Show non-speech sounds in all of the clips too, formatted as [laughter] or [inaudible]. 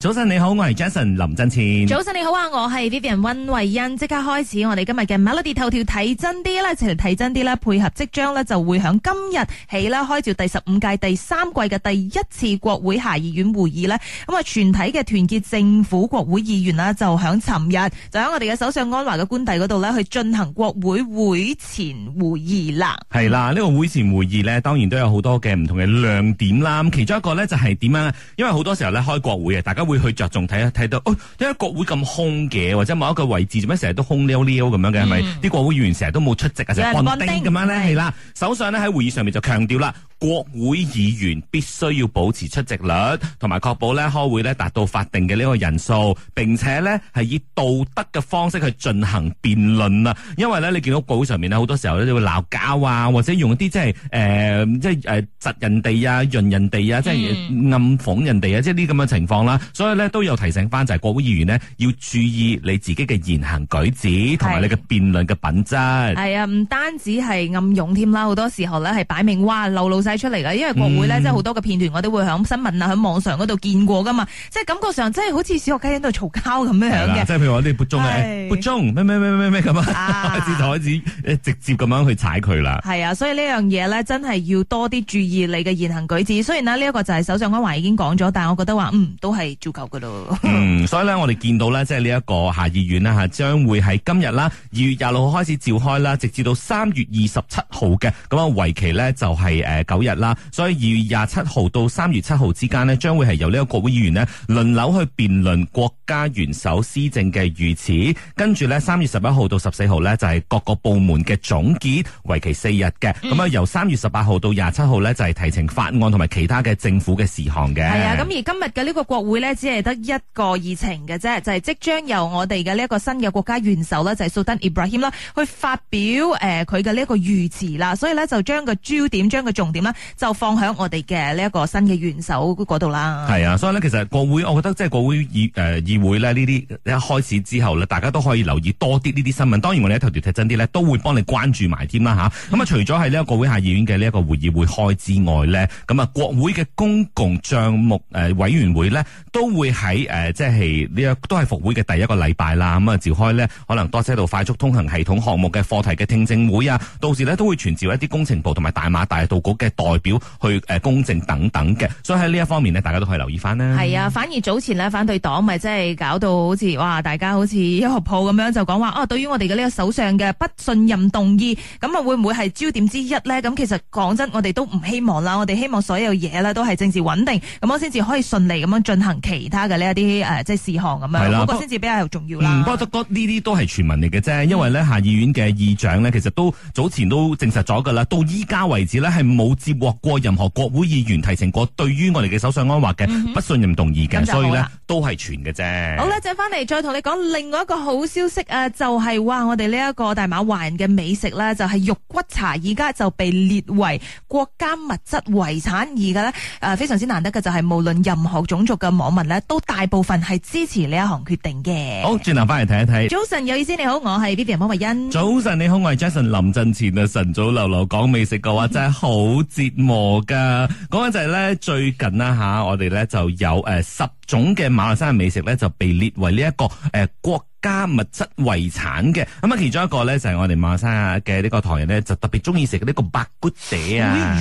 早晨你好，我係 Jason 林振前。早晨你好啊，我係 Vivian 温慧欣。即刻開始我哋今日嘅 Melody 頭條睇真啲啦，一齊睇真啲啦。配合即將咧就會響今日起啦，開照第十五屆第三季嘅第一次國會下議院會議咧，咁啊全體嘅團結政府國會議員啦就響尋日就喺我哋嘅首相安華嘅官邸嗰度咧去進行國會會前會議啦。係啦，呢個會前會議咧當然都有好多嘅唔同嘅亮點啦。咁其中一個咧就係點樣？因為好多時候咧開國會啊，大家。會去着重睇一睇到哦，因、哎、點解國會咁空嘅？或者某一個位置做咩成日都空溜溜咁樣嘅，係咪啲國會議員成日都冇出席啊？就安樂丁咁樣咧，係啦。首相咧喺會議上面就強調啦。國會議員必須要保持出席率，同埋確保咧開會咧達到法定嘅呢個人數，並且咧係以道德嘅方式去進行辯論啊！因為咧你見到國會上面咧好多時候咧會鬧交啊，或者用啲即係誒即係誒窒人哋啊，潤人哋啊、即係暗諷人哋啊，即係呢咁嘅情況啦，嗯。所以咧都有提醒翻，就係國會議員咧要注意你自己嘅言行舉止，同埋你嘅辯論嘅品質係啊，唔單止係暗湧添啦，好多時候咧係擺明哇，老老曬出嚟啦，因為國會咧，即係好多嘅片段，我都會響新聞啊，響網上嗰度見過噶嘛，即係感覺上真，真係好似小學雞喺度嘈交咁樣樣嘅。即係譬如話啲撥鐘，撥鐘咩咩咩咩咩咁啊，開始就開始直接咁樣去踩佢啦。係啊，所以呢樣嘢咧，真係要多啲注意你嘅言行舉止。雖然啦，呢一個就係首相安華已經講咗，但係我覺得話、嗯，都係足夠噶咯。所以咧，我哋見到呢，即係呢一個下議院呢，吓，將會喺今日啦，二月廿六號開始召開啦，直至到三月二十七號嘅咁啊，那個、為期呢、就是，就係誒日啦，所以二月廿七號到三月七號之間咧，將會係由呢個國會議員咧輪流去辯論國家元首施政嘅御詞，跟住呢三月十一號到十四號呢，就係、是、各個部門嘅總結，為期四、嗯、日嘅。咁啊由三月十八號到廿七號呢，就係、是、提呈法案同埋其他嘅政府嘅事項嘅。係啊，咁而今日嘅呢個國會呢，只係得一個議程嘅啫，就係、是、即將由我哋嘅呢一個新嘅國家元首呢，就係、是、Sultan Ibrahim 啦，去發表誒佢嘅呢一個御詞啦。所以呢，就將個焦點，將個重點。就放喺我哋嘅呢一個新嘅元首嗰度啦。係啊，所以呢，其實國會，我覺得即係國會議誒、呃、議會呢呢啲一開始之後呢，大家都可以留意多啲呢啲新聞。當然我哋一頭條睇真啲呢，都會幫你關注埋添啦吓。咁啊，嗯、除咗係呢個國會下議院嘅呢一個會議會開之外呢，咁啊國會嘅公共賬目誒委員會呢、呃這個，都會喺誒即係呢都係復會嘅第一個禮拜啦。咁啊召開呢，可能多車道快速通行系統項目嘅課題嘅聽證會啊，到時呢，都會傳召一啲工程部同埋大馬大道局嘅。代表去誒公正等等嘅，所以喺呢一方面呢，大家都可以留意翻啦。係啊，反而早前呢反對黨咪真係搞到好似哇，大家好似一學鋪咁樣就講話哦，對於我哋嘅呢個首相嘅不信任動議，咁啊會唔會係焦點之一呢？咁其實講真，我哋都唔希望啦，我哋希望所有嘢呢都係政治穩定，咁我先至可以順利咁樣進行其他嘅呢一啲誒即係事項咁樣。係啦，不過先至比較重要啦。唔過得多呢啲都係傳聞嚟嘅啫，因為呢、嗯、下議院嘅議長呢，其實都早前都證實咗㗎啦，到依家為止呢，係冇。接獲過任何國會議員提呈過對於我哋嘅首相安華嘅、嗯、不信任動議、嘅、啊，所以呢，都係全嘅啫。好咧，就翻嚟，再同你講另外一個好消息啊，就係話，我哋呢一個大馬華人嘅美食咧，就係、是、肉骨茶，而家就被列為國家物質遺產而嘅咧，誒非常之難得嘅就係無論任何種族嘅網民呢，都大部分係支持呢一行決定嘅。好，轉頭翻嚟睇一睇。早晨，有意思。你好，我係 B B 蒙慧欣。早晨，你好，我係 Jason 林振前啊，晨早流流講美食嘅話、嗯、真係好。折磨噶，講緊就係咧，最近啦吓，我哋咧就有誒十種嘅馬來西亞美食咧，就被列為呢一個誒國物質遺產嘅咁啊，其中一個咧就係我哋馬來西亞嘅呢個唐人咧，就特別中意食呢個白骨嗲啊！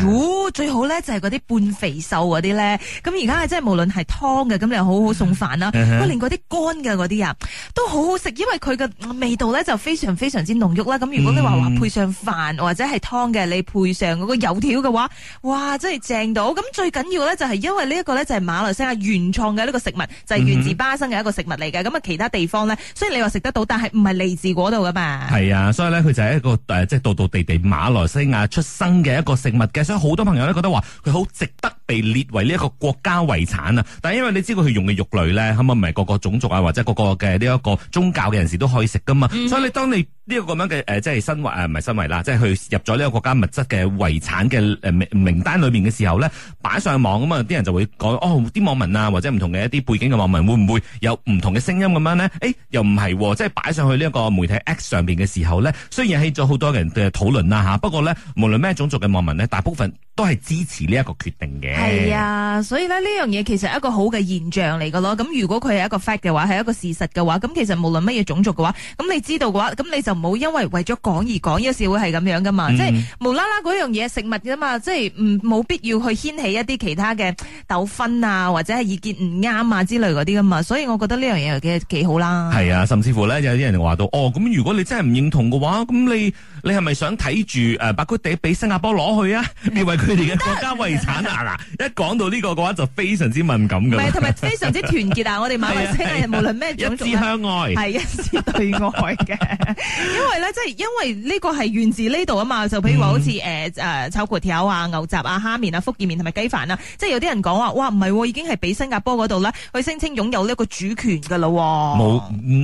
最好咧就係嗰啲半肥瘦嗰啲咧，咁而家係真係無論係湯嘅咁，你好好送飯啦。佢連嗰啲乾嘅嗰啲啊，都好好食，因為佢嘅味道咧就非常非常之濃郁啦。咁如果你話話配上飯或者係湯嘅，你配上嗰個油條嘅話，哇，真係正到！咁最緊要咧就係因為呢一個咧就係馬來西亞原創嘅呢個食物，就係源自巴生嘅一個食物嚟嘅。咁啊，其他地方咧你話食得到，但係唔係嚟自嗰度噶嘛？係啊，所以咧，佢就係一個誒，即係道道地地馬來西亞出生嘅一個食物嘅，所以好多朋友都覺得話佢好值得被列為呢一個國家遺產啊！但係因為你知道佢用嘅肉類咧，咁啊唔係各個種族啊，或者各個嘅呢一個宗教嘅人士都可以食噶嘛，所以你當你。呢、這個咁樣嘅誒、呃，即係身,、呃、身為唔係身為啦，即係去入咗呢個國家物質嘅遺產嘅名、呃、名單裏面嘅時候咧，擺上網咁啊，啲人就會講哦，啲網民啊或者唔同嘅一啲背景嘅網民會唔會有唔同嘅聲音咁樣咧？誒，又唔係，即係擺上去呢一個媒體 X 上面嘅時候咧，雖然起咗好多嘅人嘅討論啦吓不過咧，無論咩種族嘅網民咧，大部分，都係支持呢一個決定嘅，係啊，所以咧，呢樣嘢其實係一個好嘅現象嚟噶咯。咁如果佢係一個 fact 嘅話，係一個事實嘅話，咁其實無論乜嘢種族嘅話，咁你知道嘅話，咁你就唔好因為為咗講而講，呢個社會係咁樣噶嘛、嗯、嘛。即係無啦啦嗰樣嘢係食物噶嘛，即係唔冇必要去掀起一啲其他嘅糾紛啊，或者係意見唔啱啊之類嗰啲噶嘛。所以我覺得呢樣嘢幾幾好啦。係啊，甚至乎咧有啲人話到哦，咁如果你真係唔認同嘅話，咁你。你係咪想睇住誒白骨地俾新加坡攞去啊？認為佢哋嘅國家遺產啊？嗱，一講到呢個嘅話，就非常之敏感噶。 [laughs] 唔係，同埋非常之團結啊！我哋馬來西亞人無論咩種族，一致向外，係一致對外嘅、 [laughs] 就是。因為咧，即係因為呢個係源自呢度啊嘛。就譬如話，好似誒誒炒粿條啊、牛雜啊、蝦麵啊、福建麵同埋雞飯啊，即、就、係、是、有啲人講話，哇，唔係、啊、已經係俾新加坡嗰度咧去聲稱擁有呢個主權噶啦、啊？冇，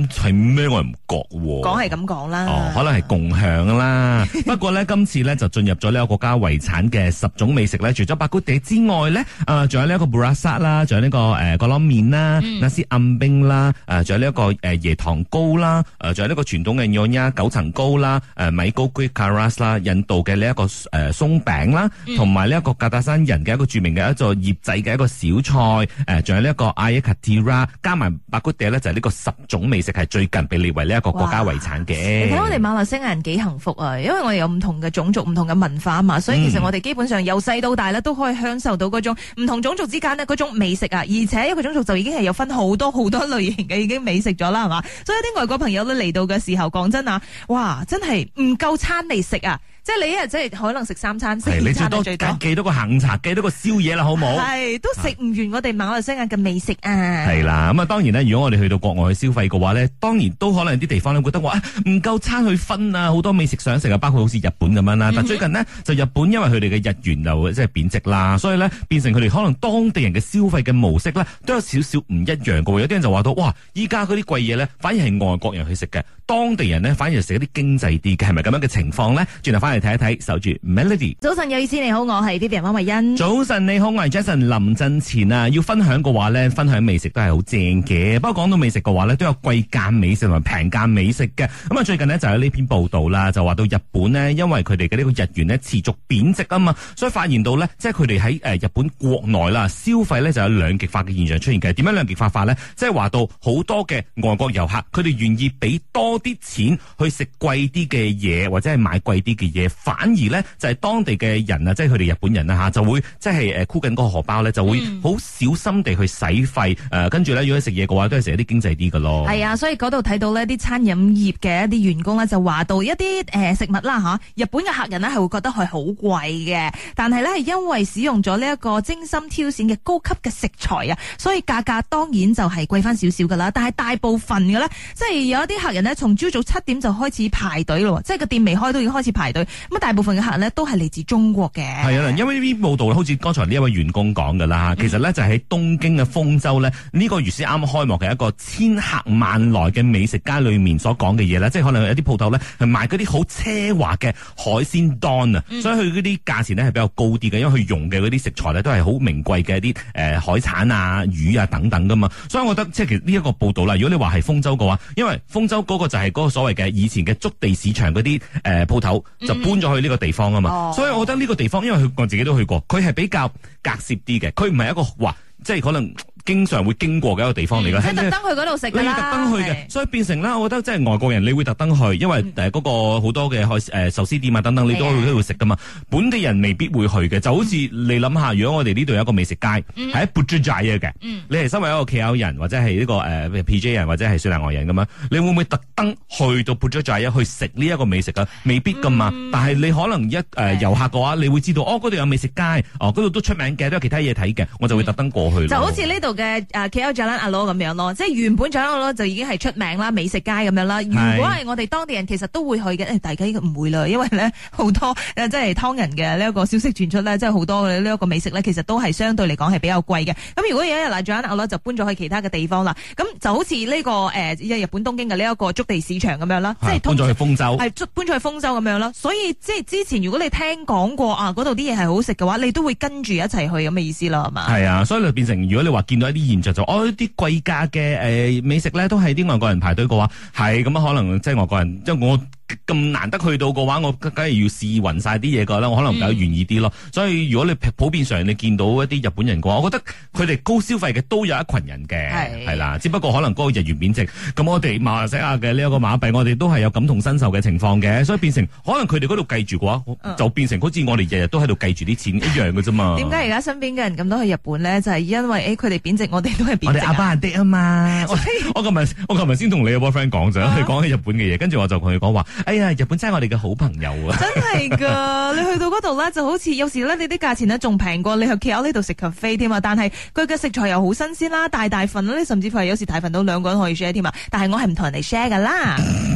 係、嗯、咩？是什麼我唔覺、啊。講係咁講啦，哦，可能係共享啦。啊！不過咧，今次咧就進入咗呢個國家遺產嘅十種美食咧，除咗白骨地之外咧，啊，仲有呢一個布拉薩啦，仲有呢個誒哥羅麵啦，納斯暗冰啦，誒，仲有呢一個誒椰糖糕啦，誒，仲有呢個傳統嘅娘惹九層糕啦，誒，米高居卡拉斯啦，印度嘅呢一個誒鬆餅啦，同埋呢一個格達山人嘅一個著名嘅一座醃製嘅一個小菜，誒，仲有呢一個艾克蒂拉，加埋白骨地咧就係呢個十種美食係最近被列為呢一個國家遺產嘅。你睇我哋馬來西亞人幾幸福。啊，因為我哋有唔同嘅種族、唔同嘅文化啊嘛，所以其實我哋基本上由細到大咧都可以享受到嗰種唔同種族之間呢嗰種美食啊，而且一個種族就已經係有分好多好多類型嘅已經美食咗啦，係嘛，所以啲外國朋友都嚟到嘅時候，講真啊，哇，真係唔夠餐嚟食啊！即係你一日即係可能食三餐，食四餐最多，幾多個下午茶，幾多個宵夜啦，好冇？係都食唔完我哋馬來西亞嘅美食啊！係啦，咁啊當然呢，如果我哋去到國外去消費嘅話呢，當然都可能有啲地方呢覺得嘩唔夠餐去分啊，好多美食想食啊，包括好似日本咁樣啦。但最近呢，就日本因為佢哋嘅日元又即係貶值啦，所以呢，變成佢哋可能當地人嘅消費嘅模式呢，都有少少唔一樣嘅。有啲人就話到哇，依家嗰啲貴嘢呢，反而係外國人去食嘅，當地人呢，反而係食一啲經濟啲嘅，係咪咁樣嘅情況呢？轉頭返嚟睇一睇，守住 Melody，早晨有意思，你好，我係 B B Y 溫慧欣。早晨你好，我係 Jason。林振前啊，要分享嘅話咧，分享美食都係好正嘅。不過講到美食嘅話咧，都有貴價美食同埋平價美食嘅。咁、嗯、啊，最近咧就有呢篇報道啦，就話到日本咧，因為佢哋嘅呢個日元咧持續貶值啊嘛，所以發現到咧，即係佢哋喺誒日本國內啦，消費咧就有兩極化嘅現象出現嘅。點樣兩極化法咧？即係話到好多嘅外國遊客，佢哋願意俾多啲錢去食貴啲嘅嘢，或者係買貴啲嘅嘢。反而咧，就係當地嘅人啊，即係佢哋日本人啦嚇，就會即係誒箍緊嗰個荷包咧，就會好、就是、小心地去使費。誒、嗯，跟住咧，如果食嘢嘅話，都係食一啲經濟啲㗎咯。係啊，所以嗰度睇到呢啲餐飲業嘅一啲員工咧，就話到一啲、呃、食物啦、啊、日本嘅客人呢，係會覺得係好貴嘅，但係咧係因為使用咗呢一個精心挑選嘅高級嘅食材啊，所以價格當然就係貴翻少少㗎啦。但係大部分嘅咧，即、就、係、是、有一啲客人呢，從朝早七點就開始排隊咯，即係個店未開都已經開始排隊。咁大部分嘅客咧都係嚟自中國嘅。係啊，因為呢報道好似剛才呢一位員工講噶啦，其實咧就喺東京嘅豐州咧呢、嗯呢個如此啱啱開幕嘅一個千客萬來嘅美食街裏面所講嘅嘢咧，即係可能有啲鋪頭咧係賣嗰啲好奢華嘅海鮮檔啊，所以佢嗰啲價錢咧係比較高啲嘅，因為佢用嘅嗰啲食材咧都係好名貴嘅一啲誒海產啊、魚啊等等噶嘛，所以我覺得即係其實呢一個報道啦，如果你話係豐州嘅話，因為豐州嗰個就係嗰個所謂嘅以前嘅築地市場嗰啲誒鋪頭搬咗去呢個地方啊嘛，哦，所以我覺得呢個地方，因為佢，我自己都去過，佢係比較隔涉啲嘅，佢唔係一個，哇即係可能。經常會經過嘅一個地方嚟噶，即係特登去嗰度食噶啦。你特登去嘅，所以變成啦，我覺得即係外國人你會特登去，因為嗰個好多嘅海壽司店啊等等，你都會去都會食噶嘛。本地人未必會去嘅，就好似、嗯、你諗下，如果我哋呢度有一個美食街，喺 Putrajaya 嘅，你係身為一個 KL 人或者係呢個誒 PJ 人或者係算南外人咁樣，你會唔會特登去到 Putrajaya 去食呢一個美食噶？未必噶嘛。嗯、但係你可能一誒遊客嘅話，你會知道哦，嗰度有美食街，嗰、哦、度都出名嘅，都有其他嘢睇嘅，我就會特登過去、嗯。就好似呢度。嘅啊，企喺左眼阿佬咁樣咯，即係原本左眼阿佬就已經係出名啦，美食街咁樣啦。如果係我哋當地人，其實都會去嘅。大家唔會啦，因為咧好多即係湯人嘅呢一個消息傳出咧，即係好多呢一個美食咧，其實都係相對嚟講係比較貴嘅。咁如果有一日嗱，左眼阿佬就搬咗去其他嘅地方啦，咁就好似呢、呢個誒、呃，日本東京嘅呢一個築地市場咁樣啦，即係搬咗去豐州，係搬咗去豐州咁樣咯。所以即係之前如果你聽講過啊，嗰度啲嘢係好食嘅話，你都會跟住一齊去咁嘅、嗰個、意思咯，係嘛？係啊，所以就變成如果你話見到。一啲現象就，哦，啲貴價嘅誒美食咧，都係啲外國人排隊嘅話，係咁樣可能即係外國人，即係我。咁難得去到嘅話，我梗係要試勻晒啲嘢噶啦，我可能比較願意啲咯。所以如果你普遍上你見到一啲日本人嘅話，我覺得佢哋高消費嘅都有一群人嘅，係係啦。只不過可能嗰個日元貶值，咁我哋馬來西亞嘅呢一個馬幣，我哋都係有感同身受嘅情況嘅，所以變成可能佢哋嗰度計住嘅話，就變成好似我哋日日都喺度計住啲錢、啊、一樣嘅啫嘛。點解而家身邊嘅人咁多去日本咧？就係、是、因為誒佢哋貶值，我哋都係、啊、我哋亞巴人啲啊嘛。我琴日我琴日先同你有 boyfriend 講咗，佢講起日本嘅嘢，跟住我就同佢講話。哎日本真係我哋嘅好朋友啊！ [laughs] 真係噶，你去到嗰度啦，就好似有時咧，你啲價錢呢仲平過你去企喺呢度食咖啡添啊！但係佢嘅食材又好新鮮啦，大大份啦，甚至乎係有時大份到兩個人可以 share 添 [laughs] 啊！但係我係唔同人哋 share 噶啦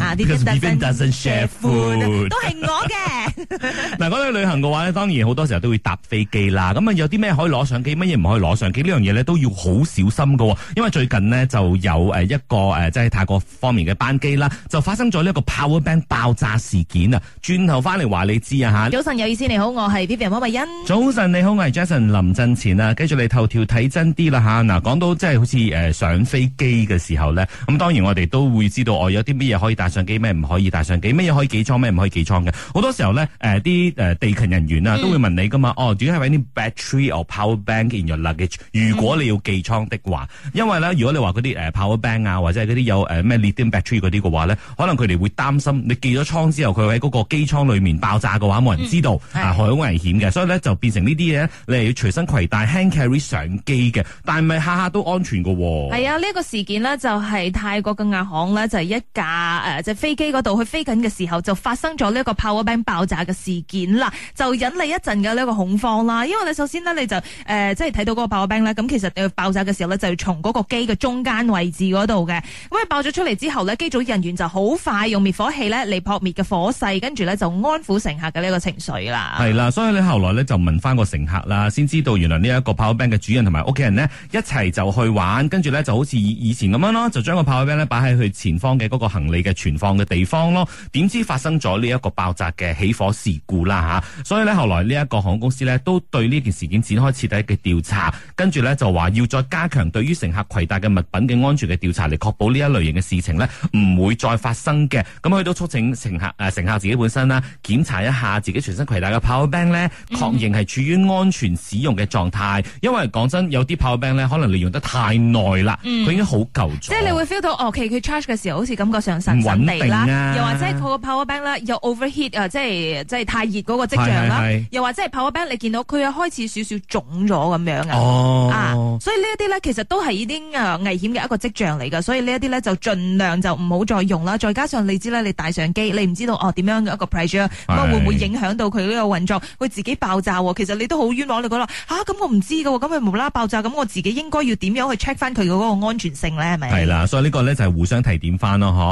啊，啲 even doesn't share food 都係我嘅。嗱，講到旅行嘅話呢，當然好多時候都會搭飛機啦。咁啊，有啲咩可以攞相機，乜嘢唔可以攞相機？呢樣嘢咧都要好小心嘅，因為最近呢就有誒一個誒即係泰國方面嘅班機啦，就發生咗呢一個 power bank 爆炸事件啊，轉頭翻嚟話你知啊吓。早晨有意思，你好，我係 P P n 溫慧欣。早晨你好，我係 Jason。臨陣前啊，繼續嚟頭條睇真啲啦吓。嗱，講到即係好似誒上飛機嘅時候咧，咁當然我哋都會知道我、哦、有啲咩嘢可以帶上機，咩唔可以帶上機，咩嘢可以寄倉，咩唔可以寄倉嘅。好多時候咧，誒啲誒地勤人員啊都會問你噶嘛。哦、嗯，點解係揾啲 battery or power bank in your luggage 如、嗯。如果你要寄倉的話，因為咧，如果你話嗰啲誒 power bank 啊，或者嗰啲有誒咩 lithium battery 嗰啲嘅話咧，可能佢哋會擔心你寄咗倉之後，佢喺嗰個機艙裏面爆炸嘅話，冇人知道，嗯、啊，好危險嘅，所以咧就變成呢啲嘢你係要隨身攜帶 hand carry 上機嘅，但係咪下下都安全噶？係啊，呢、這個事件呢，就係泰國嘅亞航呢，就係一架誒即飛機嗰度去飛緊嘅時候，就發生咗呢個 Power Bank 爆炸嘅事件啦，就引嚟一陣嘅呢個恐慌啦。因為咧，首先呢，你就誒、呃、即係睇到嗰個 Power Bank 啦，咁其實爆炸嘅時候呢，就要從嗰個機嘅中間位置嗰度嘅，咁啊爆咗出嚟之後呢，機組人員就好快用滅火器呢嚟撲滅嘅火勢，跟住咧就安撫乘客嘅呢個情緒啦。係啦，所以咧後來咧就問翻個乘客啦，先知道原來呢一個 powerbank 嘅主人同埋屋企人呢一齊就去玩，跟住咧就好似以以前咁樣咯，就將個 powerbank 咧擺喺佢前方嘅嗰個行李嘅存放嘅地方咯。點知發生咗呢一個爆炸嘅起火事故啦吓。所以咧後來呢一個航空公司呢都對呢件事件展開徹底嘅調查，跟住咧就話要再加強對於乘客攜帶嘅物品嘅安全嘅調查，嚟確保呢一類型嘅事情呢唔會再發生嘅。咁去到促請。乘客，呃、乘客自己本身啦，檢查一下自己全身攜帶嘅 power bank 咧、嗯，確認係處於安全使用嘅狀態。因為講真，有啲 power bank 咧，可能利用得太耐啦，佢、嗯、已經好舊咗。即係你會 feel 到哦，其實佢 charge 嘅時候好似感覺上神神地啦、啊，又或者佢個 power bank 咧有 overheat、啊、即係太熱嗰個跡象啦。又或者係 power bank 你見到佢開始少少腫咗咁樣啊，所以呢啲呢一啲咧其實都係已經危險嘅一個跡象嚟噶。所以呢啲呢一啲咧就儘量就唔好再用啦。再加上你知咧，你帶上機。你唔知道哦，點樣嘅一個 pressure，咁會唔會影響到佢呢個運作？佢自己爆炸，其實你都好冤枉。你講啦，吓、啊、咁我唔知噶，咁佢無啦啦爆炸，咁我自己應該要點樣去 check 翻佢嘅嗰個安全性咧？係咪？係啦，所以呢個咧就係互相提點翻咯，嗬。